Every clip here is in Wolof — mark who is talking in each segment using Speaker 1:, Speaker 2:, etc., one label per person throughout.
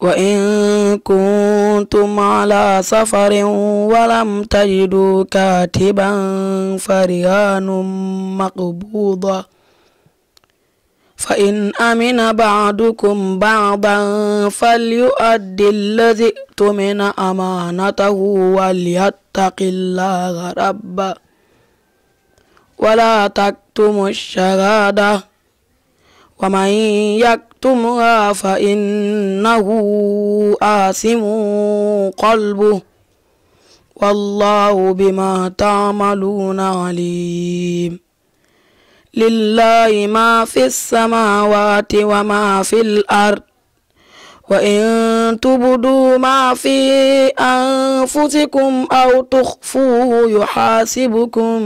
Speaker 1: وإن كنتم على سفر ولم تجدوا كاتبا فرهان مقبوضة فإن أمن بعضكم بعضا فليؤد الذي ائتمن أمانته وليتق الله ربه ولا تكتموا الشهادة ومن يكتمها فإنه آثم قلبه والله بما تعملون عليم لله ما في السماوات وما في الأرض وإن تبدوا ما في أنفسكم أو تخفوه يحاسبكم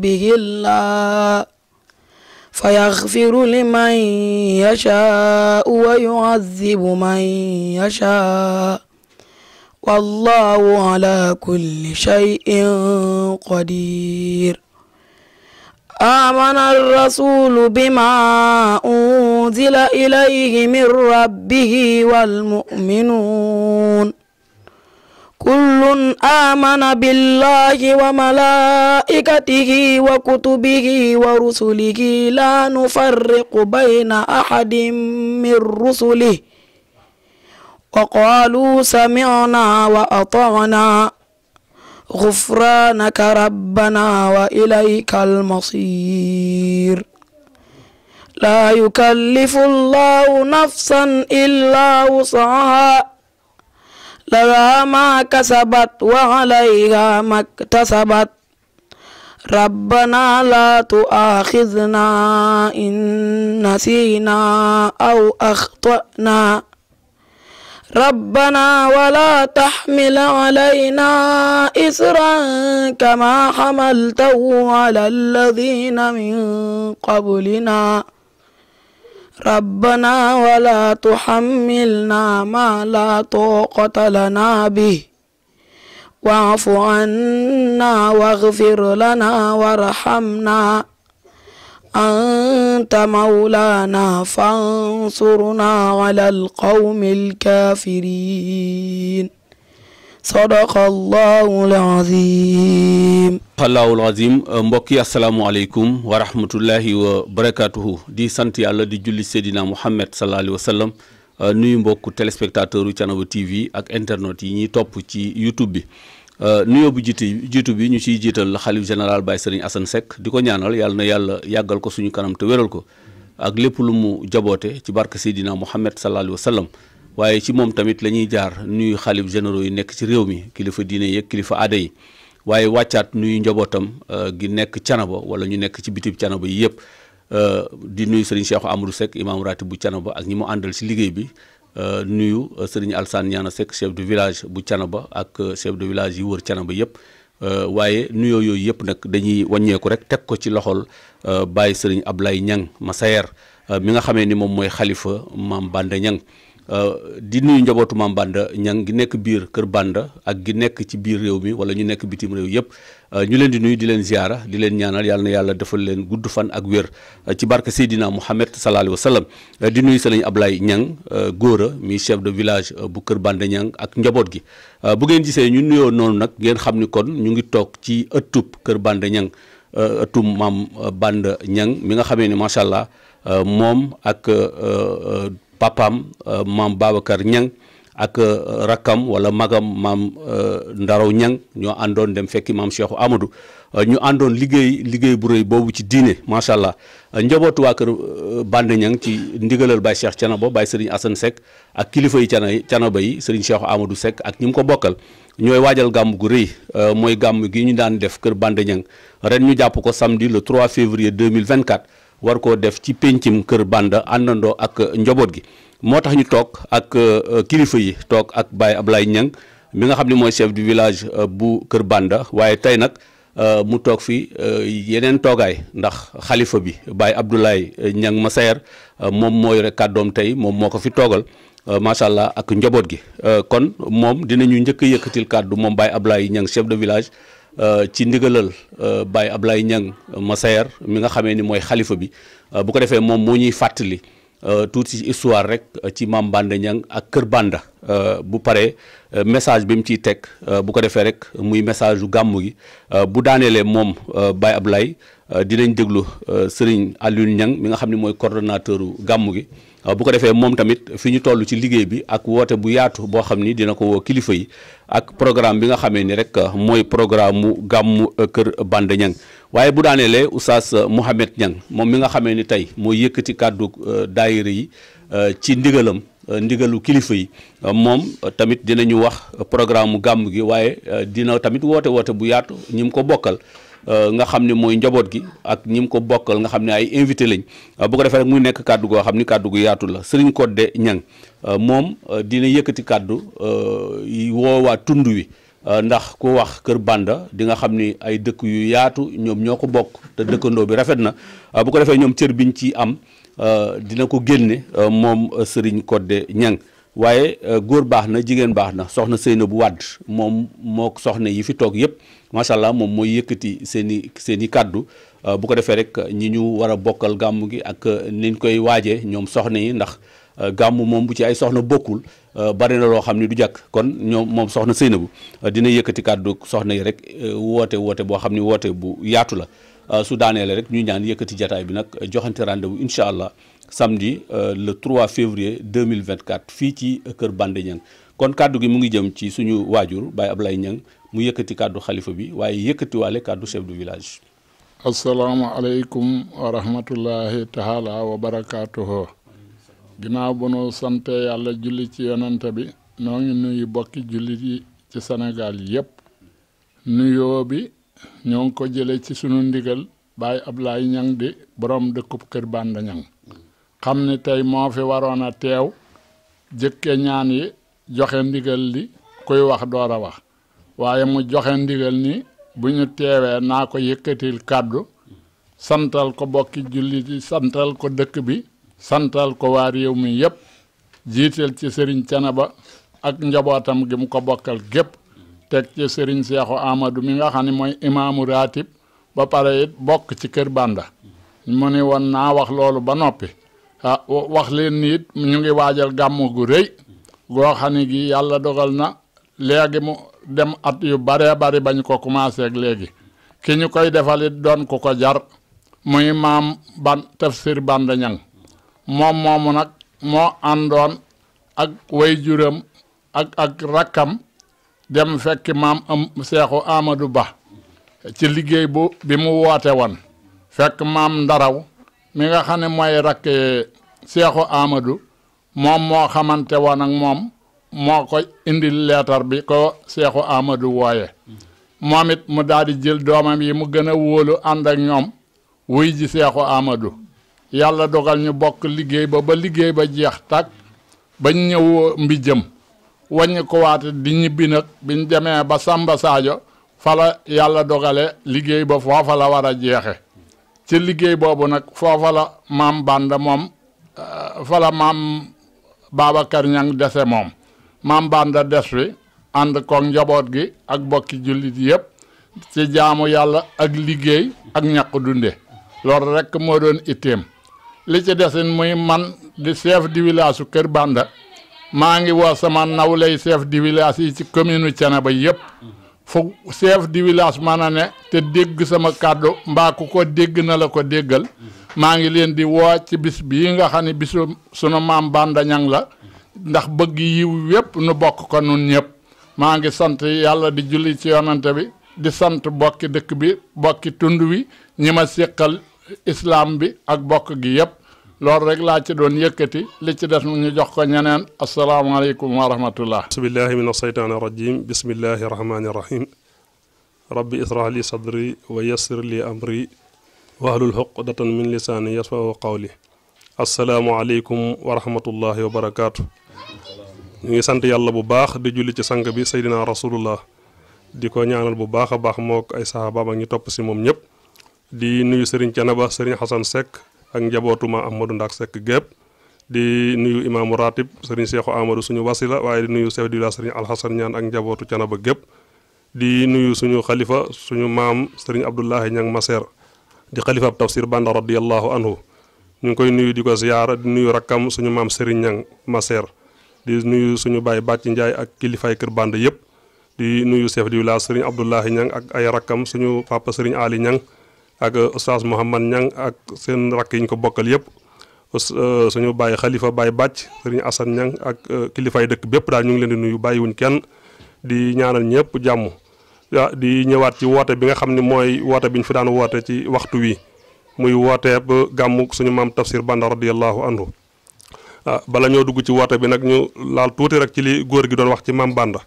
Speaker 1: به الله فيغفر لمن يشاء ويعذب من يشاء والله على كل شيء قدير آمن الرسول بما أنزل إليه من ربه والمؤمنون كل آمن بالله وملائكته وكتبه ورسله لا نفرق بين أحد من رسله وقالوا سمعنا وأطعنا غفرانك ربنا وإليك المصير لا يكلف الله نفسا إلا وسعها laha ma kasabat wa alayha maktasabat rabbana la tu'akhidhna in nasina aw akhtana ربنا ولا تحمل علينا إسرا كما حملته على الذين من قبلنا ربنا ولا تحملنا ما لا طاقة لنا به واعف عنا واغفر لنا وارحمنا أنت مولانا فانصرنا على القوم الكافرين sadaqallaahul aziim
Speaker 2: allaahul aziim mbokk yi asalaamualeykum wa rahmatullahi wa barakaatuhu di sant yàlla di julli Seydina Muhammad sallallahu alayhi wa sallam uh, nuyu mbokk téléspectateur u Thiénaba TV ak internet yi ñuy topp ci YouTube bi uh, nuyoo bu jiite jiitu bi ñu ciy jiital xalif général Baye Serigne assan Seck di ko ñaanal yàlla na yàlla yàggal ko suñu kanam te wéral ko ak lépp lu mu jaboote ci barke Seydina Muhammad sallallahu alayhi wa sallam waaye ci moom tamit la ñuy jaar nuyu xalif généraux yi nekk ci réew mi kilifa diine yeeg kilifa aada yi waaye wàccaat nuyu njabootam euh, gi nekk canaba wala ñu nekk ci bitib canaba yi yëpp euh, di nuyu sëriñ Cheikh amaru Seck imam ratib bu canaba ak ñi mu àndal ci liggéey bi euh, nuyu sëriñ Alsaan Ñaana Seck chef de village bu canaba ak chef de village yi wër canaba yëpp waaye nuyoo yooyu yëpp nag dañuy wàññeeku rek teg ko ci loxol bàyyi sëriñ ab Ablaye Ñang Masayer mi nga xamee ni moom mooy xalifa maam Banda Ñang Euh, di nuyu njabootu maam Banda ñang gi nekk biir kër Banda ak gi nekk ci biir réew mi wala ñu nekk bitim réew yëpp euh, ñu leen di nuyu di leen ziara di leen ñaanal yàlla na yàlla defal leen gudd fan ak wér euh, ci barke Seydina Mouhamed sallallahu alayhi wa sallam di nuyu sëriñ Ablaye ñang góora mi chef de village bu kër Banda ñang ak njaboot gi bu ngeen gisee ñu nuyoo noonu nag ngeen xam ni kon ñu ngi toog ci ëttub kër Banda ñang ëttub maam Banda ñang mi nga xamee ni macha allah moom ak papaam euh, maam Babacar Niang ak euh, rakkam wala magam maam euh, Ndaraw ñang ñoo àndoon dem fekki maam Cheikh Amadou ñu àndoon liggéey liggéey bu rëy boobu ci diine macha allah njabootu waa kër Bande Niang ci ndigalal Baye Cheikh Canaba Baye Serigne Assane Seck ak kilifa yi cana Canaba yi Serigne Cheikh Amadou sekk ak ñi mu ko bokkal ñooy waajal gàmm gu rëy mooy gàmm gi ñu daan def kër Bande Niang ren ñu jàpp ko samedi le 3 février 2024. war koo def ci péncim kër Banda àndandoo ak njaboot gi moo tax ñu toog ak euh, euh, kilifa yi toog ak Baye Ablaye Niang mi nga xam ne mooy chef de village euh, bu kër Banda waaye tey nag mu toog fi yeneen toogaay ndax xalifa bi Baye Abdoulaye Niang Massaer moom mooy rek kàddoom tey moom moo ko fi toogal macha allah ak njaboot gi kon moom dinañu njëkk a yëkkatil kàddu moom Baye Ablaye Niang chef de village. Euh, ci ndigalal euh, Baye Ablaye Niang Massaer mi nga xamee ni mooy xalifa bi euh, bu ko defee moom moo ñuy fàttali tuuti ci histoire rek ci maam bànd Niang ak kër Banda bu pare message bi mu ciy teg bu ko defee rek muy message yu gàmmu gi bu daaneelee moom Baye Ablaye dinañ déglu Serigne Alioune Niang mi nga xam ne mooy coordonnateur gàmmu gi Euh, bu ko defee moom tamit fi ñu toll ci liggéey bi ak woote bu yaatu boo xam ni dina ko woo kilifa yi ak programme bi nga xamee ni rek euh, mooy programme mu gàmmu kër Banda Niang waaye bu daanelee oustaz Mouhamed Niang moom mi nga xamee ni tey mooy yëkkati kàddu euh, daayira yi ci ndigalam ndigalu kilifa yi moom tamit dinañu wax programme mu gàmm gi waaye dina tamit woote woote bu yaatu ñi mu ko bokkal Euh, nga xam ne mooy njaboot gi ak ñi ko bokkal nga xam ne ay invité lañ euh, bu ko defee rek muy nekk kàddu goo xam ni kàddu gu yaatu la Serigne Codé Niang euh, moom dina yëkkati kàddu woowaa tund wi ndax ku wax Kër Banda di nga xam ni ay dëkk yu yaatu ñoom ñoo ko bokk te dëkkandoo bi rafet na bu ko defee ñoom cër biñ ci am dina ko génne moom Serigne Codé Niang waaye euh, góor baax na jigéen baax na soxna Seynabou wàdd moom moo soxna yi fi toog yëpp macha allah moom mooy yëkkati seen i seen i kàddu euh, bu ko defee rek ñi ñu war a bokkal gàmm ngi ak euh, niñ koy waajee ñoom soxna yi ndax gàmm moom bu ci ay soxna bokkul bari na loo xam ni du jàkk kon ñoom moom soxna Seynabou dina yëkkati kàddu soxna yi rek woote woote boo xam ni woote bu yaatu la su daanee la rek ñu ñaan yëkkati jataay bi nag joxante rendez-vous incha allah samedi euh, le 3 février 2024 fii ci euh, kër Bandé Niang kon kàddu gi mu ngi jëm ci suñu waajur ab Ablaye Niang mu yëkkati kàddu xalifa bi waaye yëkkatiwaale kàddu chef du village.
Speaker 3: asalaamaaleykum wa rahmatullahi taala wa barakaatuhu. ginnaaw bu nu sante yàlla julli ci yonante bi noo ngi nuyu bokki jullit yi ci Sénégal yépp nuyoo bi ñoo ngi ko jële ci suñu ndigal Baye Ablaye Niang di borom dëkkub kër Bandé Niang xam ni tey moo fi waroon a teew jëkke ñaan yi joxe ndigal li kuy wax door a wax waaye mu joxe ndigal ni bu ñu teewee naa ko yëkkatil kàddu santal ko bokki jullit yi santal ko dëkk bi santal ko waa réew mi yépp jiital ci sëriñ Thiénaba ak njabootam gi mu ko bokkal gépp teg ci sëriñ Seexu Amadou mi nga xam ne mooy imaamu raatib ba pare it bokk ci kër Banda mu ni woon naa wax loolu ba noppi ah wax leen ni ñu ngi waajal gàmmu gu rëy goo xam ne gi yàlla dogal na léegi mu dem at yu baree bari bañ ko commencé ak léegi ki ñu koy defal doon ku ko jar muy maam ban tafsir Banda Ñang moom moomu nag moo àndoon ak waajuram ak ak rakkam dem fekki maam am seexu amadu Ba ci liggéey bu bi mu woote woon fekk maam ndaraw mi nga xam ne mooy rakk Seexu Amadu moom moo xamante woon ak moom moo ko indil leetar bi ko Seexu Amadu wooye moom it mu daal jël doomam yi mu gën a wóolu ànd ak ñoom wuy ji Seexu Amadu yàlla dogal ñu bokk liggéey ba ba liggéey ba jeex tàkk bañ ñëw mbi jëm wàññi ko waate di ñibbi nag biñ demee ba Samba Sadio fala yàlla dogale liggéey ba foofa la war a jeexe ci liggéey boobu nag foofa la maam Bànda moom fa euh, la maam Babacar Niang dese moom maam Banda des fi ànd koog njaboot gi ak bokki jullit yëpp ci jaamu yàlla ak liggéey ak ñàkk dunde loolu rekk moo doon itteem li ci desin muy man di chef du su Kër Banda maa ngi woo sama nawley chef du village yi ci commune ba yëpp fu chef du village mën a ne te dégg sama kàddu mbaa ku ko dégg na la ko déggal maa ngi leen di woo ci bis bi nga xam ne bisu sunu maam Banda Ñang la ndax bëgg yiw yépp nu bokk ko nun ñëpp maa ngi sant yàlla di julli ci yonante bi di sant bokki dëkk bi bokki tund wi ñi ma séqal islaam bi ak bokk gi yépp loolu rek laa ci doon yëkkati li ci def des ñu jox ko ñeneen asalaamaaleykum wa rahmatullah bismillahi min asaytaan rajim bismillahi rahmaani rahim rabbi
Speaker 4: israh li sadri wa yassir li amri wahlul uqdatan min lisaani yasfahu qawli asalaamualeykum wa rahmatullahi wa barakaatu. ñu ngi sant yàlla bu baax di julli ci sang bi Seydina Rasulullah di ko ñaanal bu baax a baax mook ay saxaabaam ak ñu topp si moom ñëpp. di nuyu Serigne Canaba Serigne Xasan Seck ak njabootuma Amadou Ndak Seck gépp di nuyu imaamu ratib Serigne Seexu Amadou suñu wasila waaye di nuyu chef du village Serigne Alxasan ñaan ak njabootu Canaba gépp di nuyu suñu xalifa suñu maam Serigne Abdoulahi Ñang di xalifaab tafsir Banda radiyallahu anhu ñu ngi koy nuyu di ko ziyaara di nuyu rakkam suñu maam Serigne Niang Maseer di nuyu suñu baay Bàcc Njaay ak kilifaay kër Banda yëpp di nuyu chef du village Serigne Abdoulahi ak ay rakkam suñu papa Serigne Ali Niang ak uh, oustaz Mouhamad Niang ak seen rakk yiñ ko bokkal yëpp uh, suñu baay xalifa baay bàcc Serigne Assane Niang ak uh, kilifaay dëkk bépp daal ñu ngi leen di nuyu bàyyi bàyyiwuñ kenn di ñaanal ñëpp jàmm di ñëwaat ci woote bi nga xam ne mooy woote bi ñu fi daan woote ci waxtu wi muy wootee ba gàmmu suñu maam Tafsir Banda radiyallahu anhu ah, bala ñoo dugg ci woote bi nag ñu laal tuuti rek ci li góor gi doon wax ci maam Banda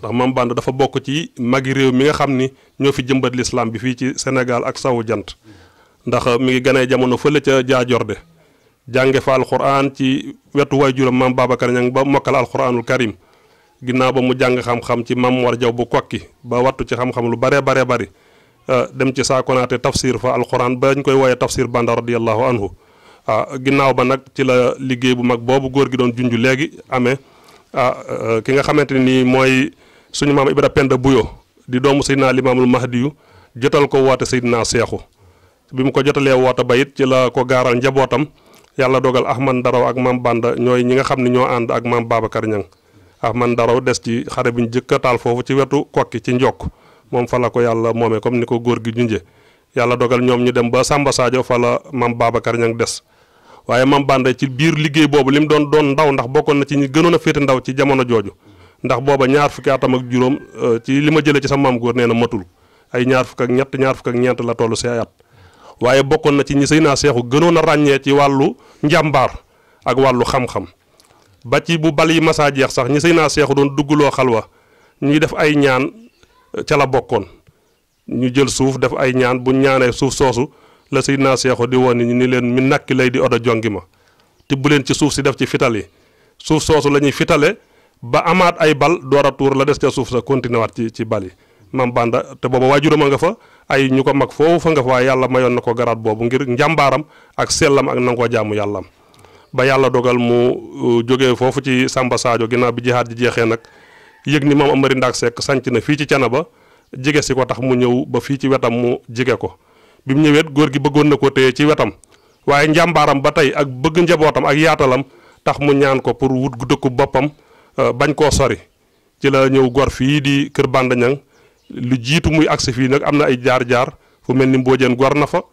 Speaker 4: ndax maam Banda dafa bokk ci magi réew mi nga xam ni ñoo fi jëmbat lislaam bi fii ci Sénégal ak sawu jant ndax mi ngi ganee jamono fële ca jaajorde jànge fa alquran ci wetu waajuram maam Babacar Ñang ba mokkal alquranul karim ginnaaw ba mu jàng xam-xam ci maam war jaw bu kokki ba wattu ci xam-xam lu baree baree bari euh, dem ci saakonaate tafsir fa alxuraan ba ñu koy wooyee tafsir banda radiallahu anhu ah ginnaaw ba nag ci la liggéey bu mag boobu góor gi doon junj léegi amee ah euh, ki nga xamante ni mooy suñu maam Ibra Penda Buyo di doomu Seydina Limaamul Mahdiyu jotal ko woote Seydina Seexu bi mu ko jotalee woote ba it ci la ko gaaral njabootam yàlla dogal Ahmad Ndaraw ak maam Banda ñooy ñi nga xam ne ñoo ànd ak maam Babacar Niang Ah, man daraw des ci xare bi ñu jëkk taal foofu ci wetu kokki ci njokk moom fa la ko yàlla moomee comme ni ko góor gi junje yàlla dogal ñoom ñu dem ba Samba Sadio fa la mam Babacar ña ngi des waaye mam Banda ci biir liggéey boobu li mu doon doon ndaw ndax bokkoon na ci ñu gënoon a féete ndaw ci jamono jooju ndax booba ñaar fukki atam ak juróom euh, ci li ma jëlee ci sa maam góor nee na matul ay ñaar fukk ak ñett ñaar fukk ak ñeent la tollu si ay waaye bokkoon na ci ñi sëy naa seexu gënoon a ràññee ci wàllu njàmbaar ak wàllu xam ba ci bu bal yi masaa jeex sax ñi sëy naa seexu doon dugg duggloo xalwa ñuy def ay ñaan eh, ca la bokkoon ñu jël suuf def ay ñaan bu ñaanee suuf soosu la sëy naa seexu di woon ni leen mi nakki lay di odo jongi ma te bu leen ci suuf si def ci fital yi suuf soosu la ñuy fitale ba amaat ay bal door a la des ca suuf sa continuwaat ci ci bal yi mam banda te booba waajuram a nga fa ay ñu ko mag foofu fa nga fa waaye yàlla mayoon na ko garaat boobu ngir njàmbaaram ak sellam ak nanga ko jaamu yàllam ba yàlla dogal mu uh, jóge foofu ci Samba Sadio ginnaaw bi jeexaat ji jeexee nag yëg ni moom Amari Ndaak Seck sanc na fii ci ba jige si ko tax mu ñëw ba fii ci wetam mu jige ko bi mu ñëwee góor gi bëggoon na ko téye ci wetam waaye njàmbaaram ba tey ak bëgg njabootam ak yaatalam tax mu ñaan ko pour wut dëkku boppam uh, bañ koo sori ci la ñëw gor fii di kër Banda Ñang lu jiitu muy agsi fii nag am na ay jaar-jaar fu mel ni Mbóojeen gor na fa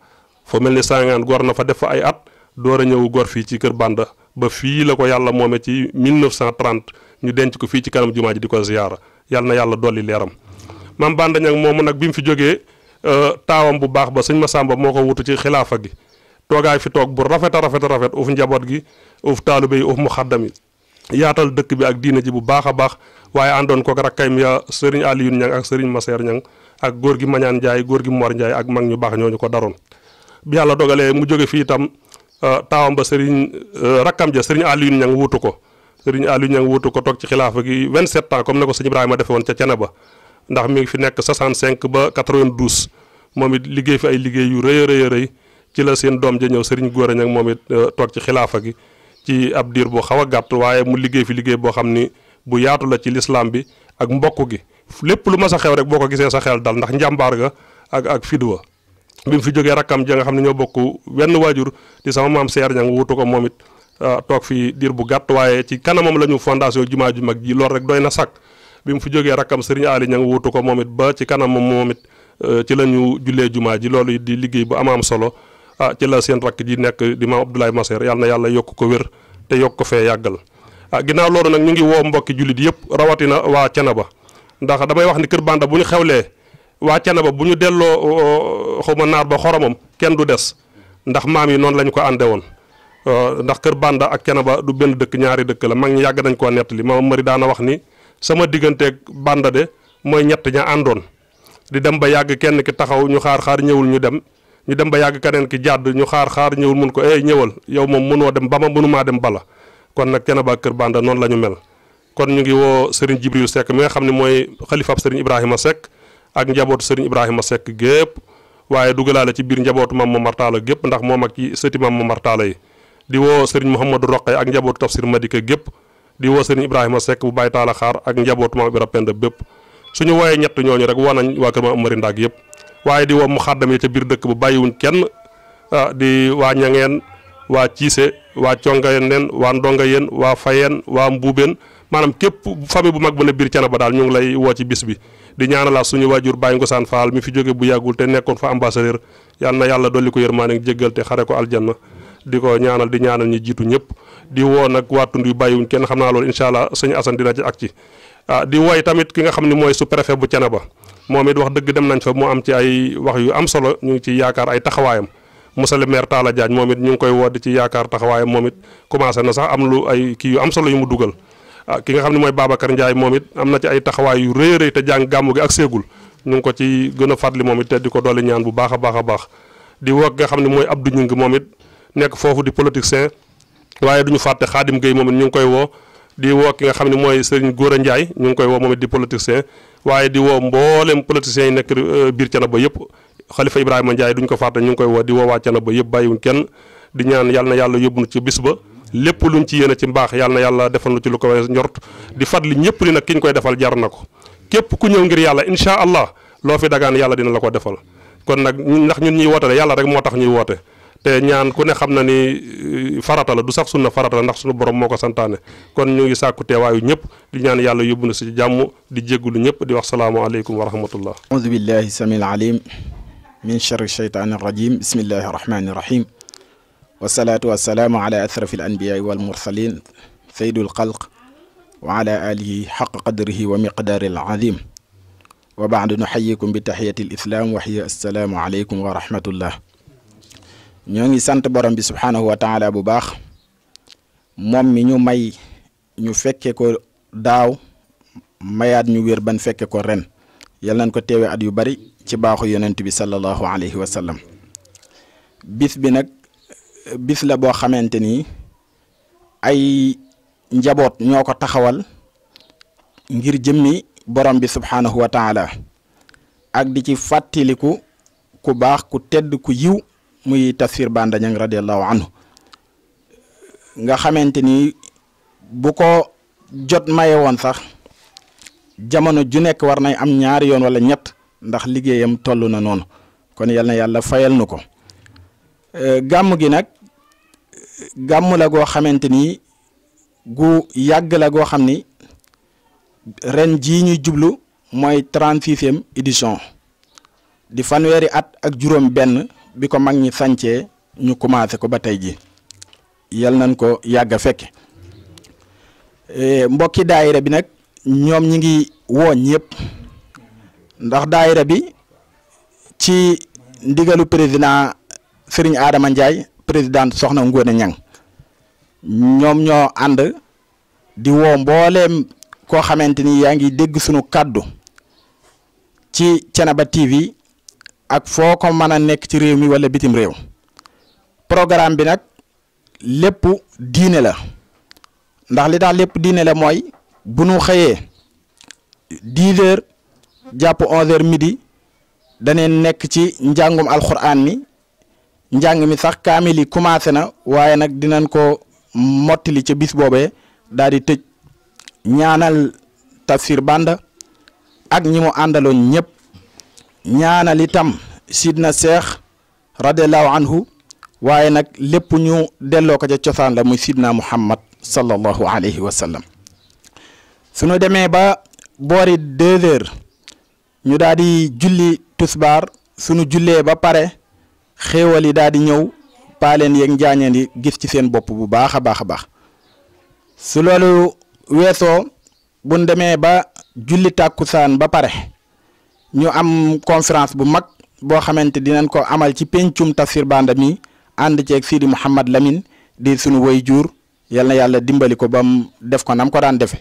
Speaker 4: fu mel ni Sangaan gor na fa def fa ay at door a gor fii ci kër Banda ba fii la ko yàlla moome ci 1930 ñu denc ko fii ci kanam jumaa ji di ko ziyaara yàlla na yàlla dolli leeram maam Banda Ñaŋ moomu nag bi mu fi jógee euh, taawam bu baax ba sëñ Masamba moo ko wutu ci xilaafa gi toogaay fi toog bu rafet a rafet a rafet uf njaboot gi uf taalibe yi uf mu xaddam yi yaatal dëkk bi ak diina ji bu baax a baax waaye àndoon kook rakkayam ya sëriñ Alioune Ñaŋ ak sëriñ Maseer Ñaŋ ak góor gi Mañaan Njaay góor gi Mor Njaay ak mag ñu baax ñooñu ko daroon Euh, taawam ba sëriñ euh, rakkam ja sëriñ Aliou Niang wutu ko sëriñ Aliou Niang wuutu ko toog ci xilaafa gi 27 ans comme ne ko sëñ Ibrahima defe woon ca Thiénaba ndax mi ngi fi nekk 65 ba 92 moom it liggéey fi ay liggéey yu rëy a rëy ci la seen doom ja ñëw sëriñ Gora Niang moom it euh, toog ci xilaafa gi ci ab diir bu xaw a gàtt waaye mu liggéey fi liggéey boo xam ni bu yaatu la ci lislaam bi ak mbokk gi lépp lu ma sa xew rek boo ko gisee sa xel dal ndax njàmbaar ga ak ak fidwa bi mu fi jógee rakkam ja nga xam ne ñoo bokk wenn waajur di sama maam seer ña wutu ko moom it ah, toog fi diir bu gàtt waaye ci kanamam la ñu fondation jumaa ji mag ji loolu rek doy na sàkk bi mu fi jógee rakkam sëriñ Aali ña wutu ko moom it ba ci kanamam moom eh, ci la ñu jullee jumaa ji loolu di liggéey bu am solo ah ci la seen rakk ji nekk di maam Abdoulaye Masseer yàlla na yàlla yokk ko wér te yokk ko fee yàggal ah ginnaaw loolu nag ñu ngi woo mbokki jullit yëpp rawatina waa Cenaba ndax damay wax ni kër Banda bu ñu xewlee waa Thiénaba bu ñu delloo xaw ma naar ba xoromam kenn du des ndax maam yi noonu la ko àndee woon euh, ndax Kër Banda ak Thiénaba du benn dëkk ñaari dëkk la mag ñi yàgg nañ koo li maam Mari daana wax ni sama digganteeg Banda de mooy ñett ña àndoon di dem ba yàgg kenn ki taxaw ñu xaar xaar ñëwul ñu dem ñu dem ba yàgg keneen ki jàdd ñu xaar xaar ñëwul mun ko eh ñëwal yow moom mënoo dem ba ma mënumaa dem bala kon nag Thiénaba ak Kër Banda noonu la ñu mel kon ñu ngi woo Serigne Jibril Seck mi nga xam ne mooy xalifaab Serigne Ibrahima Seck ak njabootu sëriñ Ibrahima Seck gépp waaye dugalaale ci biir njabootu mam Momar Talla gépp ndax moom ak ci sëti mam Momar Talla yi di woo sëriñ Mouhamadou Roqe ak njabootu tafsir Madika gépp di woo sëriñ Ibrahima sekk bu Baye Talla Xaar ak njabootu mam Ibra Penda bépp suñu wooyee ñett ñooñu rek woo nañ waa kër ma Amari Ndaak yëpp waaye di woo mu yi ca biir dëkk bu bàyyiwuñ kenn ah, di waa ñangeen waa ciise waa conga waa ndonga yeen waa fayeen maanaam képp famille bu mag ba ne biir Thiénaba daal ñu ngi lay woo ci bis bi di ñaanalaat suñu waajur Baye Ngosaan Fall mi fi jóge bu yàggul te nekkoon fa ambassadeur yal na yàlla dolli ko yërmaande jéggal te xare ko na di ko ñaanal di ñaanal ñu jiitu ñëpp di woo nag waa tund yu bàyyiwuñ kenn xam naa loolu incha allah sëñ Assane dina ci ak ci ah, di woy tamit ki nga xam ni mooy sous-préfet bu Thiénaba moom it wax dëgg dem nañ fa mu am ci ay wax yu am solo ñu ngi ci yaakaar ay taxawaayam monsieur le maire Talla Diagne moom it ñu ngi koy woo di ci yaakaar taxawaayam moom it commencé na sax am lu ay yu am solo yu mu dugal ah ki nga xam ne mooy Babacar Ndiaye moom it am na ci ay taxawaay yu rëy a rëy te jàng gàmmu gi ak seegul ñu ngi ko ci gën a fàttali moom it te di ko dolli ñaan bu baax a baax a baax di woo nga xam ne mooy Abdou Ñing moom it nekk foofu di politicien waaye duñu fàtte Xaadim Gueye moom ñu ngi koy woo di woo ki nga xam ne mooy Serigne Gora njaay ñu ngi koy woo moom it di politicien waaye di woo mboolem politiciens yi nekk euh, biir ba yëpp Xalifa Ibrahima Ndiaye duñ ko fàtte ñu ngi koy woo di woo waa Thiénaba yëpp bàyyiwuñ kenn di ñaan yàlla na yàlla yóbbu ci bis ba lépp lu luñ ci yéene ci mbaax yàlla na yàlla defal lu ci lu ko wees njort di fadli ñëpp li nag ki ñu koy defal jar na ko képp ku ñëw ngir yàlla incha allah loo fi dagaan yàlla dina la ko defal kon nag ndax ñun ñuy woote de yàlla rek moo tax ñuy woote te ñaan ku ne xam na ni euh, farata la du sax sunna farata la ndax suñu borom moo ko santaane kon ñu ngi sàkku teewaayu ñëpp di ñaan yàlla yóbbu na si jàmm di jéggulu ñëpp di wax salaamualeykum wa rahmatullah
Speaker 5: audu billahi samil alim min charri cheytaani rajim bismillahi rahmani rahim wasalaatu wasalaamu ala asrafi wal mursalin saydul wa ala xaq qadrihi wa miqdaari al azim wa baadu nu xayikum bi taxiyati al islaam wa hiya assalaamu wa rahmatullah ñoo ngi sant borom bi subhaanahu wa taala bu baax moom mi ñu may ñu fekke ko daaw mayaat ñu wér ban fekke ko ren yal nañ ko teewe at yu bari ci baaxu yonent bi sallallahu alayhi wa sallam bis la boo xamante ni ay njaboot ñoo ko taxawal ngir jëmmi borom bi subhaanahu wa ak di ci fàttaliku ku baax ku tedd ku yiw muy Tafsir Banda Niang anhu nga xamante ni bu ko jot maye woon sax jamono ju nekk war nay am ñaari yoon wala ñett ndax liggéeyam toll na noonu kon yal na yàlla fayal nu ko gàmm gi nag gàmm la goo xamante ni gu yàgg la goo xam ni ren ji ñuy jublu mooy trente-sixième édition di fanweeri at ak juróom benn bi ko mag ñi sancee ñu commencé ko ba tey ji yal nañ ko yàgg fekk fekke e, mbokki daayira bi nag ñoom ñi ngi wooñ yëpp ndax daayira bi ci ndigalu président Serigne aadama Ndiaye présidente soxna Ngone Ñang ñoom ñoo ànd di woo mbooleem koo xamante ni yaa ngi dégg sunu kàddu ci Thiénaba TV ak foo ko mën a nekk ci réew mi wala bitim réew programme bi nag lépp diine la ndax li tax lépp diine la mooy bu nu xëyee dix jàpp onze midi daneen nekk ci njàngum alxuraan mi njàng mi sax kaamil yi commencé na waaye nag dinañ ko mottili ca bis boobee daal di tëj ñaanal Tafsir Banda ak ñi mu àndaloon ñëpp ñaanal itam sidna seex radiallahu anhu waaye nag lépp ñu delloo ko ca cosaan la muy sidna muhammad sallallahu alayhi wa sallam suñu demee ba boori deux heures ñu daal di julli tusbaar suñu jullee ba pare xéewal yi daal di ñëw paaleen yeeg njaañeen yi gis ci seen bopp bu baax a baax a baax su loolu weesoo bu demee ba julli tàkkusaan ba pare ñu am conférence bu mag boo xamante dinañ ko amal ci pencum Tafsir Banda mi ànd ceeg Sidi Mouhamad Lamine di sunu way jur yal na yàlla dimbali ko ba mu def ko nam ko daan defe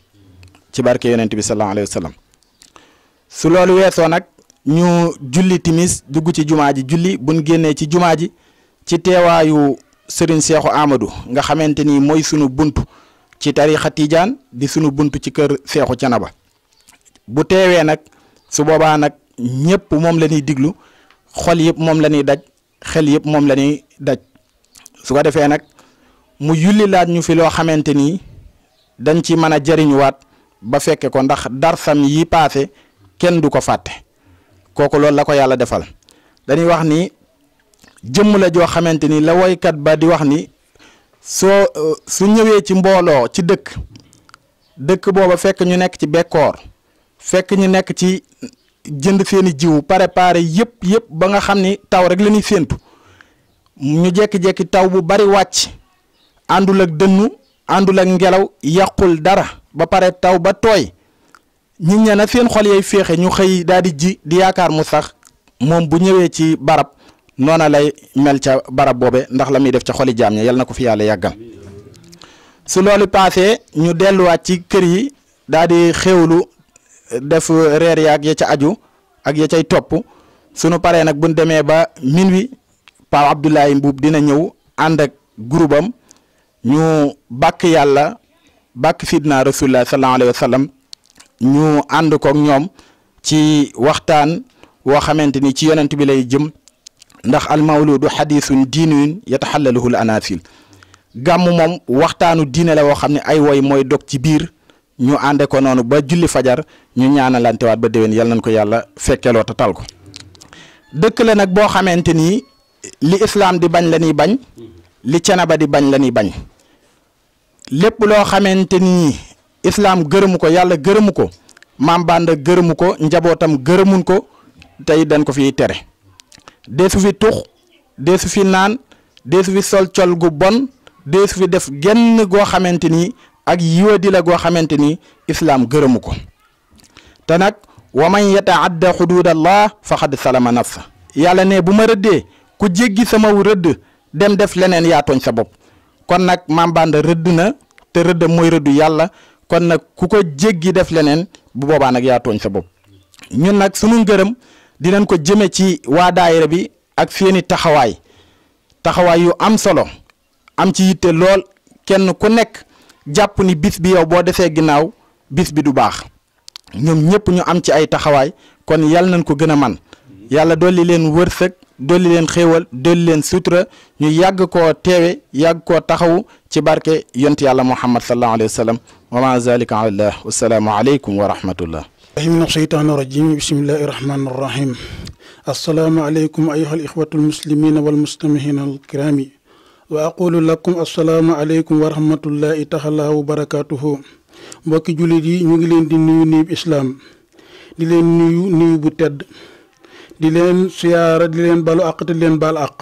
Speaker 5: ci barke yonent bi sallallahu alayhi wa su loolu weesoo nag ñu julli timis dugg ci jumaa ji julli buñ génnee ci jumaa ji ci teewaayu sëriñ Seexu Amadou nga xamante ni mooy sunu buntu ci tariixa Tijaan di sunu buntu ci kër Seexu Canaba bu teewee nag su boobaa nag ñëpp moom la ñuy diglu xol yëpp moom la ñuy daj xel yëpp moom la daj su ko defee nag mu yulli laat ñu fi loo xamante ni dañ ci mën a jariñuwaat ba fekkee ko ndax darsam yi paase kenn du ko fàtte kooku loolu la ko yàlla defal dañuy wax ni jëmm la joo xamante ni la woykat ba di wax ni soo euh, su ñëwee ci mbooloo ci dëkk dëkk booba fekk ñu nekk ci bekkoor fekk ñu nekk ci jënd seeni pare pare yëpp yëpp ba nga xam ni taw rek la ñuy séentu ñu jekki-jekki taw bu bari wàcc àndul ak dënnu àndul ak ngelaw yàqul dara ba pare taw ba tooy ñit ña na seen xol yay féexe ñu xëy daal di ji di yaakaar mu sax moom bu ñëwee ci barab noona lay mel ca barab boobe ndax la muy def ca xoli jaam ña yal na ko fi yàlla yàggal su loolu paasee ñu delluwaat ci kër yi daal di xéwlu def reer yi ak ya ca aju ak ya cay topp sunu paree nag bu buñ demee ba minuit Paa Abdoulaye Mbuub dina ñëw ànd ak groupam ñu bàkk yàlla bàkk sidna rasulullah sallallahu alayhi wa ñu ànd kook ñoom ci waxtaan woo xamante ni ci yonent bi lay jëm ndax du almawludu xadisun diinun yataxallaluhu l anasil gàmm moom waxtaanu diine la woo xam ne ay woy mooy dog ci biir ñu ànde ko noonu ba julli fajar ñu ñaanalantewaat ba déwén yal nañ ko yàlla fekkeloo te tal ko dëkk la nag boo xamante ni li islaam di bañ la ñuy bañ li cenaba di bañ la ñuy bañ lépp loo xamante ni islaam gërëmu ko yàlla gërëmu ko maam Banda gërëmu ko njabootam gërëmun ko tey dañ ko fi tere deesu fi tux deesu fi naan deesu fi sol col gu bon deesu fi def genn goo xamante ni ak yiwadi la goo xamante ni islaam gërëmu ko te nag wa man yataadda xududallah faqad salama sa yàlla ne bu ma rëddee ku jéggi sama rëdd dem def leneen yaa tooñ sa bopp kon nag maam Banda rëdd na te rëdd mooy rëddu yàlla kon nag ku ko jéggi def leneen bu boobaa nag yaa tooñ sa bopp ñun nag sunu ngërëm dinañ ko jëme ci waa daayira bi ak seeni taxawaay taxawaay yu am solo am ci yitte lool kenn ku nekk jàpp ni bis bi yow boo defee ginnaaw bis bi du baax ñoom ñëpp ñu am ci ay taxawaay kon yal nañ ko gën a man yàlla dolli leen wërsëg dolli leen xéewal leen sutura ñu yàgg ko teewe yàgg koo taxawu ci barke yont yàlla muhammad sallallahu alayhi wa sallam wa ma zalika alallah wasalaamu aleykum wa rahmatullah
Speaker 6: min asheytaan irajim bismillahi irrahmani irrahim assalaamu aleykum ayuha alixwatu almuslimina walmuslimihina alkirami aleykum wa rahmatullahi taxala wa barakatuhu mbokki jullit yi ñu ngi leen di nuyu nuyub islaam di leen nuyu nuyu bu tedd di leen siyaara di leen balu àq te di leen baal àq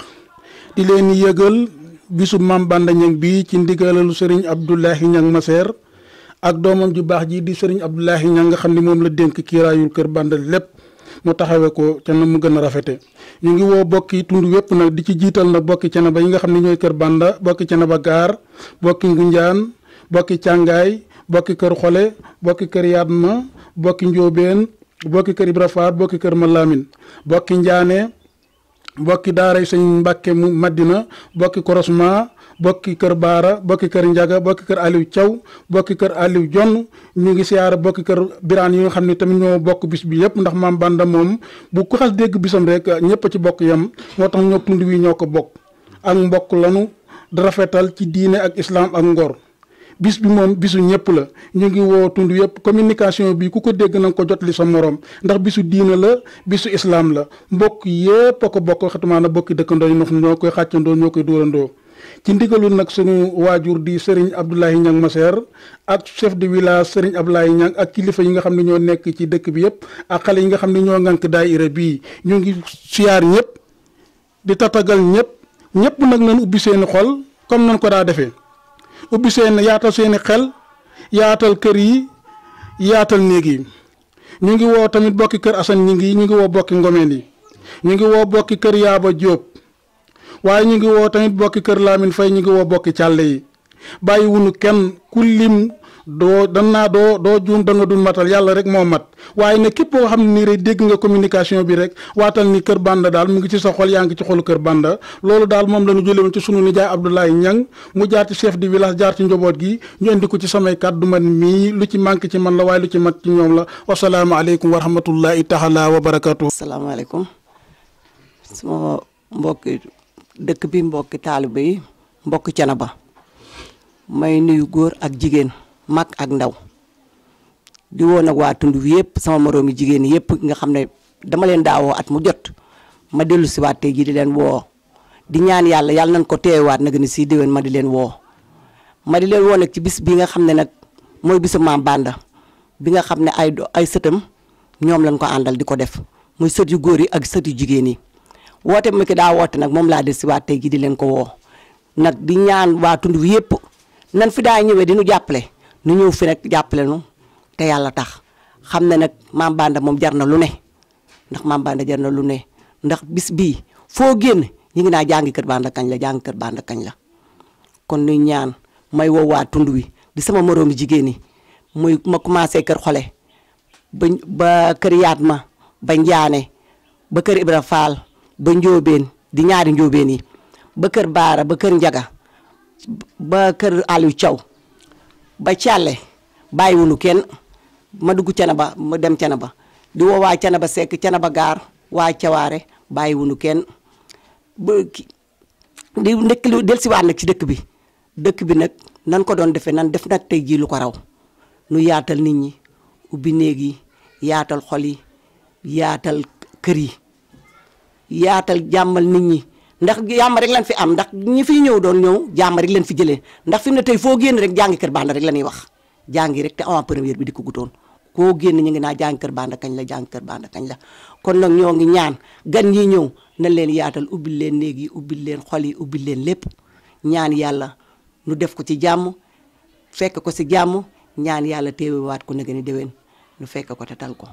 Speaker 6: di leen yëgal bisu Mame Balla Niang bi ci ndigalalu Serigne Abdoulahi Niang Maseer ak doomam ju baax ji di Serigne Abdoulahi Niang nga xam ni moom la dénk kiiraayul kër Balla lépp mu taxawee ko ca na mu gën a rafete ñu ngi woo bokki tund wépp nag di ci jiital na bokki cene ba yi nga xam ne ñooy kër Balla bokki cene ba gaar bokki ngunjaan bokki càngaay bokki kër xole bokki kër yaatma bokki njóobeen bokki kër Ibra Faat bokki kër Malamin bokki Njaane bokki daaray sëñ Mbàkke mu Madina bokki Korosma bokki kër Baara bokki kër Njaga bokki kër Aliou Thiaw bokki kër Aliou Jonn ñu ngi siyaara bokki kër Biraan yi nga xam ne tamit ñoo bokk bis bi yëpp ndax maam Banda moom bu ku xas dégg bisam rek ñëpp ci bokk yam moo tax ñoo tund wi ñoo ko bokk ak mbokk lanu rafetal ci diine ak islaam ak ngor bis bi moom bisu ñëpp la ñu ngi woo tund yëpp communication bi ku ko dégg na ko jotli li sa morom ndax bisu diina la bisu islam la mbokk yëpp a ko bokk xatumaa na bokki dëkkandoo ñoo koy xàccandoo ñoo koy dóorandoo ci ndigalul nag suñu waajur di Serigne Abdoulaye Niang Masseer ak chef de village Serigne Abdoulaye Niang ak kilifa yi nga xam ne ñoo nekk ci dëkk bi yëpp ak xale yi nga xam ne ñoo ngànk daayira bii ñu ngi siyaar ñëpp di tatagal ñëpp ñëpp nag nañ ubbi seen comme nañ ko daa defee ubbi seen yaatal seeni xel yaatal kër yi yaatal néeg yi ñu ngi woo tamit bokki kër Assane ñi ngi ñu ngi woo bokki ngomeen yi ñu ngi woo bokki kër Yaaba Jóob waaye ñu ngi woo tamit bokki kër Lamine Fay ñu ngi woo bokki càlle yi bàyyiwu wunu kenn ku lim doo dan naa doo doo juum da nga dul matal yàlla rek moo mat waaye ne képp koo xam ne nii rek dégg nga communication bi rek waatal ni kër Banda daal mu ngi ci sa xol yaa ngi ci xolu kër Banda loolu daal moom la ñu jëlee woon ci sunu nijaay Abdoulaye Niang mu jaar ci chef di village jaar ci njaboot gi ñu indi ko ci samay kàddu man mii lu ci manqué ci man la waaye lu ci mat ci ñoom la wasalaamaaleykum wa rahmatullahi taala wa barakaatu. asalaamaaleykum
Speaker 7: sama mbokki dëkk bi mbokki taalibe yi mbokki Canaba may nuyu góor ak jigéen. mag ak ndaw di woo nag waa tund wi yëpp sama moroomi jigéen yëpp nga xam ne dama leen daawoo at mu jot ma dellu si waat tey jii di leen woo di ñaan yàlla yàlla nañ ko teewaat nag ni si déwén ma di leen woo ma leen woo ci bis bi nga xam ne nag mooy bisu maam Banda bi nga xam ne ay ay sëtam ñoom lañ ko àndal di ko def muy sët góor yi ak sët jigéen yi woote mu daa woote nag moom laa dellu si waat di leen ko woo nag di ñaan waa tund wi yëpp nan fi daa ñëwee di nu jàppale. nu ñëw fi nag jàppale nu te yàlla tax xam ne nag maam Banda moom jar na lu ne ndax Banda jar na lu ne ndax bis bii foo génn ñu ngi naa jàngi kër Banda kañ la jàngi kër Banda kañ la kon ñaan may woo wi di sama moroomi jigéen yi muy ma commencé kër xole ba ba kër yaat ma ba njaane ba kër Ibra Faal ba njóobeen di ñaari njóobeen yi ba kër baara ba kër njaga ba kër Aliou Thiaw ba càlle bàyyiwunu kenn ma dugg Canaba ma dem Canaba di woo ba sekk Seck ba Gaar waa Cawaare bàyyiwunu kenn di ndekk lu dellusiwaat nag ci dëkk bi dëkk bi nag nan ko doon defee nan def nag tey jii lu ko raw nu yaatal nit ñi ubbi néeg yi yaatal xol yi yaatal kër yi yaatal jàmmal nit ñi ndax jàmm rek lañ fi am ndax ñi fi ñëw doon ñëw jàmm rek lañ fi jëlee ndax fi mu ne tey foo génn rek jàngi kër Banda rek la ñuy wax jàngi rek te avant première bi di ko gutoon koo génn ñu ngi naa jàngi kër Banda kañ la jàngi kañ la kon nag ñoo ngi ñaan gan ñi ñëw na leen yaatal ubbil leen néeg yi leen xol yi ubbil leen lépp ñaan yàlla nu def ko ci jàmm fekk ko si jàmm ñaan yàlla teewewaat ko nag ni déwén nu fekk ko te tal ko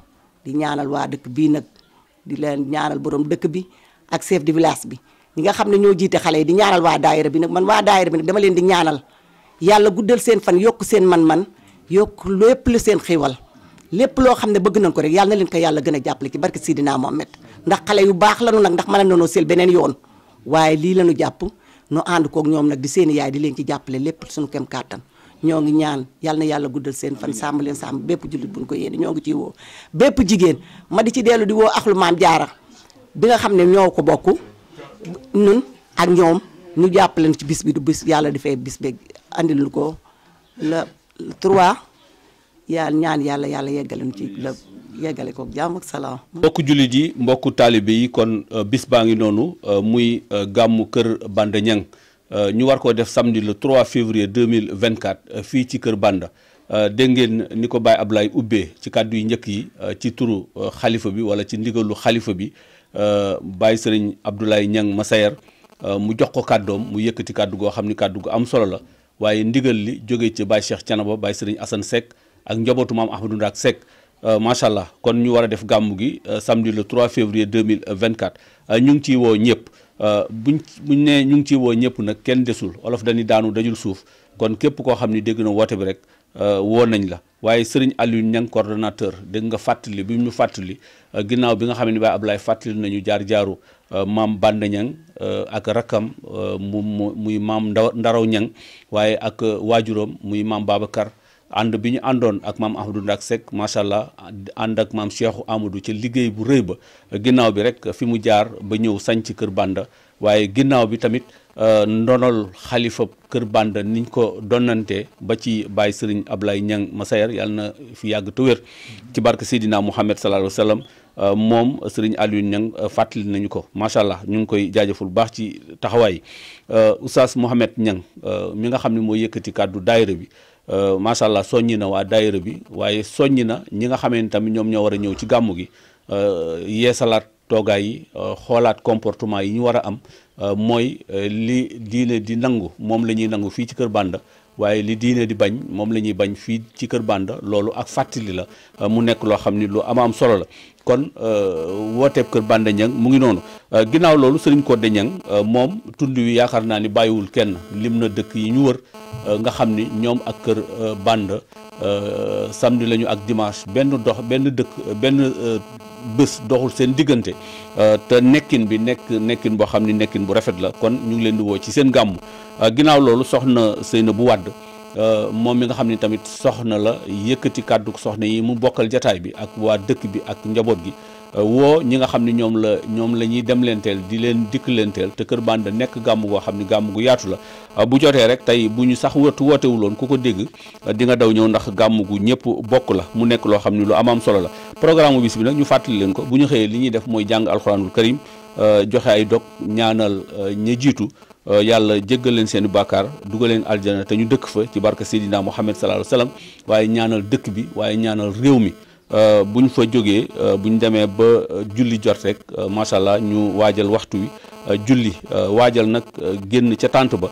Speaker 7: di ñaanal waa dëkk bii nag di leen ñaanal borom dëkk bi ak chef bi ñi nga xam ne ñoo jiite xale yi di ñaanal waa daayira bi nag man waa daayira bi nag dama leen di ñaanal yàlla guddal seen fan yokk seen man-man yokk lépp lu seen xiiwal lépp loo xam ne bëgg nañ ko rek yàlla leen ko yàlla gën a jàppale ci barke Sidina Mohamed ndax xale yu baax lanu nag ndax mën na noo sel beneen yoon waaye lii lañu jàpp nu ànd koog ñoom nag di seen yaay di leen ci jàppale lépp suñu kem kàttan ñoo ngi ñaan yàlla yàlla guddal seen fan sàmm leen sàmm bépp jullit buñ ko yéene ñoo ngi ciy woo bépp jigéen ma di ci dellu di woo axlu maam jaara bi nga xam ne ñoo ko bokk ñun ak ñoom ñu jàppaleen ci bis bi du bis yàlla dafay bis bi andil ko la trois yàlla ñaan yàlla yàlla yeggalen ci la yeggale ko jàmm ak salaam.
Speaker 2: mbokku jullit yi mbokku taalibe yi kon euh, bis baa ngi noonu euh, muy euh, gàmmu kër Banda Niang ñu war koo def samedi le 3 février 2024 fii ci kër Banda dégg ngeen ni ko ab lay ubbee ci kàddu yi njëkk yi ci turu xalifa bi wala ci ndigalu xalifa bi Euh, Baye Sëriñ Abdoulaye Niang Massayer euh, mu jox ko kàddoom mu yëkkati kàddu goo xam ni kàddu gu am solo la waaye ndigal li jóge ci Baye Cheikh Thiénaba Baye Sëriñ Assane Seck ak njabootu maam Ahmadou Ndak Seck euh, macha allah kon ñu war a def gàmmu gi samedi le 3 février 2024 ñu ngi ciy woo ñëpp bu buñ nee ñu ngi ciy woo ñëpp nag kenn desul olof dañuy daanu dajul suuf kon képp koo xam ni dégg na woote bi rek. Euh, woo nañ la waaye sëriñ Alioune Niang coordonnateur dégg nga fàttali bi ñu fàttali euh, ginnaaw bi nga xam ne Baye Ablaye fàttali nañu jaar jaaru euh, maam Banda Niang ak rakkam mu muy maam Ndaraw Niang waaye ak waajuram muy maam Babacar ànd bi ñu àndoon ak maam Ahmadou Ndak Seck macha allah ànd ak maam Cheikhou Amadou ca liggéey bu rëy ba ginnaaw bi rek fi mu jaar ba ñëw sañc kër bànd waaye ginnaaw bi tamit euh, ndonol xalifa kër bànd niñ ko donnantee ba ci bàyyi sëriñ Ablaye Ñang Masayer yàlla na fi yàgg te wér ci barke Seydina Mouhamed sallallahu alayhi wa euh, moom sëriñ Alioune Ñang euh, fàttali nañu ko macha allah ñu ngi koy jaajëful baax ci taxawaay Oustaz Mouhamed Ñang mi nga xam ne moo yëkkati kàddu daayira bi macha allah soññi na waa daayira bi waaye soññi na ñi nga xamee ni tamit ñoom ñoo war a ñëw ci gàmmu gi yeesalaat. toogaay yi euh, xoolaat comportement yi ñu war a am euh, mooy euh, li diine di nangu moom la ñuy nangu fii ci kër Banda waaye li diine di bañ moom la ñuy bañ fii ci kër Banda loolu ak fàttali la mu nekk loo xam ni lu ama am solo la kon wooteeb kër Banda Niang mu ngi noonu ginnaaw loolu Serigne Codé Niang moom tund wi yaakaar naa ni bàyyiwul kenn lim na dëkk yi ñu wër nga xam ni ñoom ak kër Banda samedi lañu ak dimanche benn dox benn dëkk benn bës doxul seen diggante euh, te nekkin bi nekk nekkin boo xam ne nekkin bu rafet la kon ñu ngi leen di woo ci seen gàmm euh, ginnaaw loolu soxna Seynabou Wade euh, moom mi nga xam ni tamit soxna la yëkkati kàddu soxna yi mu bokkal jataay bi ak waa dëkk bi ak njaboot gi woo ñi nga xam ne ñoom la ñoom la ñuy dem leenteel di leen dikk leenteel te Kër Banda nekk gàmm goo xam ne gàmm gu yaatu la ah, bu jotee rek tey bu ñu sax wootu wootewuloon ku ko dégg di nga daw ñëw ndax gàmm gu ñëpp bokk la mu nekk loo xam ne lu am am solo la programme bis bi nag ñu fàttali leen ko bu ñu xëyee li ñuy def mooy jàng alxuraanul karim ah, joxe ay dog ñaanal ah, ña jiitu yàlla jéggal leen seen i bàkkaar leen aljana te ñu dëkk fa ci barke Seydina Muhammad sallallahu alayhi wa waaye ñaanal dëkk bi waaye ñaanal réew mi Euh, bu ñu fa jógee euh, bu ñu demee ba euh, julli jot rek macha allah ñu waajal waxtu wi julli waajal nag génn ca tànt ba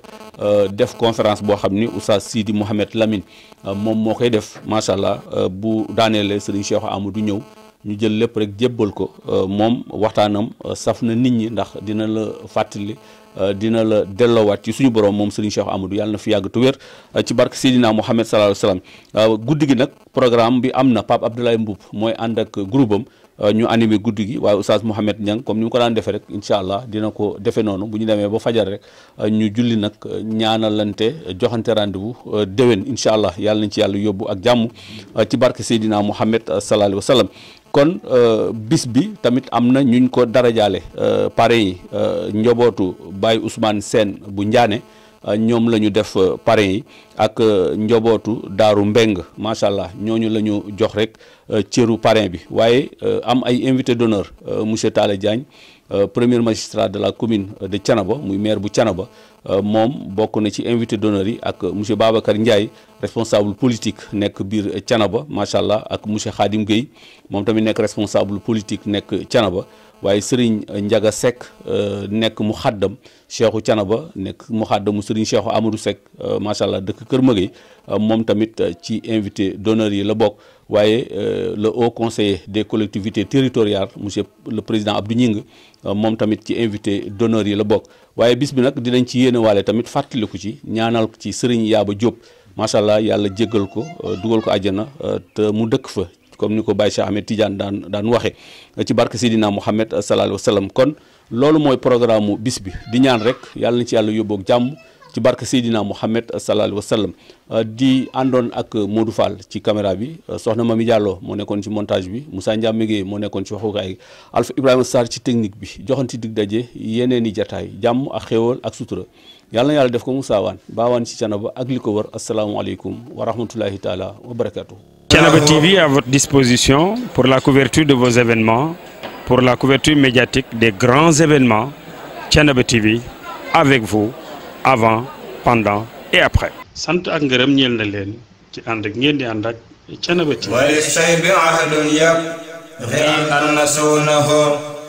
Speaker 2: def conférence boo xam ni oustaz Sidi Mouhamed lamin moom moo koy def macha allah bu daaneele sëriñ Cheikh du ñëw ñu jël lépp rek jébbal ko moom waxtaanam saf na nit ñi ndax dina la fàttali Euh, dina la dellowaat ci suñu borom moom Serigne Cheikh Amadou yàlla na fi yàgg te wér euh, ci barke Seydina Mouhamed sallallahu alayhi euh, guddi gi nag programme bi am na Pape Abdoulaye mooy ànd ak groupe am ñu animé guddi gi waaye oustaz Mouhamed Niang comme ni mu ko daan defee rek incha dina ko defee noonu bu ñu demee ba fajar ñu julli nag ñaanalante joxante rendez-vous déwén incha yàlla nañ ci yàlla yóbbu ak jàmm ci barke Seydina Mouhamed sallallahu alayhi wasallam kon euh, bis bi tamit am na ñuñ ko darajaale euh, parrain yi euh, njabootu Baye Ousmane seen bu Ndiané ñoom la ñu def parrain yi ak njobootu Daaru Mbeng macha allah ñooñu la ñu jox rek cëru parrain bi waaye am ay invité d'honneur monsieur Talla Diagne premier magistrat de la commune de Thiénaba muy maire bu Thiénaba Euh, moom bokk na ci invité d'honneur yi ak monsieur Babacar Ndiaye responsable politique nekk biir Thiénaba macha allah ak monsieur Khadim Gueye moom tamit nekk responsable politique nekk ba waaye Serigne njaga Seck euh, nekk mu xaddam Cheikhu ba nekk mu mu Serigne Cheikhu Amadou Seck euh, macha allah dëkk Kër Magueye moom tamit ci invité d'honneur yi la bokk. waaye euh, le haut conseiller des collectivités territoriales monsieur le président Abdou Gningue euh, moom tamit ci invité donor yi la bokk waaye bis bi nag dinañ ci yéene waale tamit fàttaliku ci ñaanal ci Serigne Yaaba Diop macha allah yàlla jéggal ko euh, dugal ko àjjana te mu dëkk fa comme ni ko Baye Cheikh Ahmed Tidiane daan daan waxe ci barke Sidina Mouhamed sallallahu alayhi wa kon loolu mooy programme mu bis bi di ñaan rek yàlla na ci yàlla yóbbook jàmm. ci barke Seydina Mouhamed euh, sallallahu alayhi wa euh, di àndoon ak Modou Fall ci caméra bi euh, soxna ma Mami Diallo moo nekkoon ci montage bi Moussa Ndiame Gueye moo nekkoon ci waxukaay Alpha Ibrahima Sarr ci technique bi joxanti dig daje yeneen i jataay jàmm ak xéewal ak sutura yàlla na yàlla def ko Moussa Wane baawaan ci canaba ak li ko wër asalaamualeykum wa rahmatulahi taala wa barakatuh
Speaker 4: Thiénaba TV à votre disposition pour la couverture de vos événements, pour la couverture médiatique des grands événements. Thiénaba TV avec vous. avant pendant et après. sant ak ngërëm ñeel na leen ci ànd ak ngeen di ànd ak Thiénaba TV. wali say bi
Speaker 1: ahadun yab.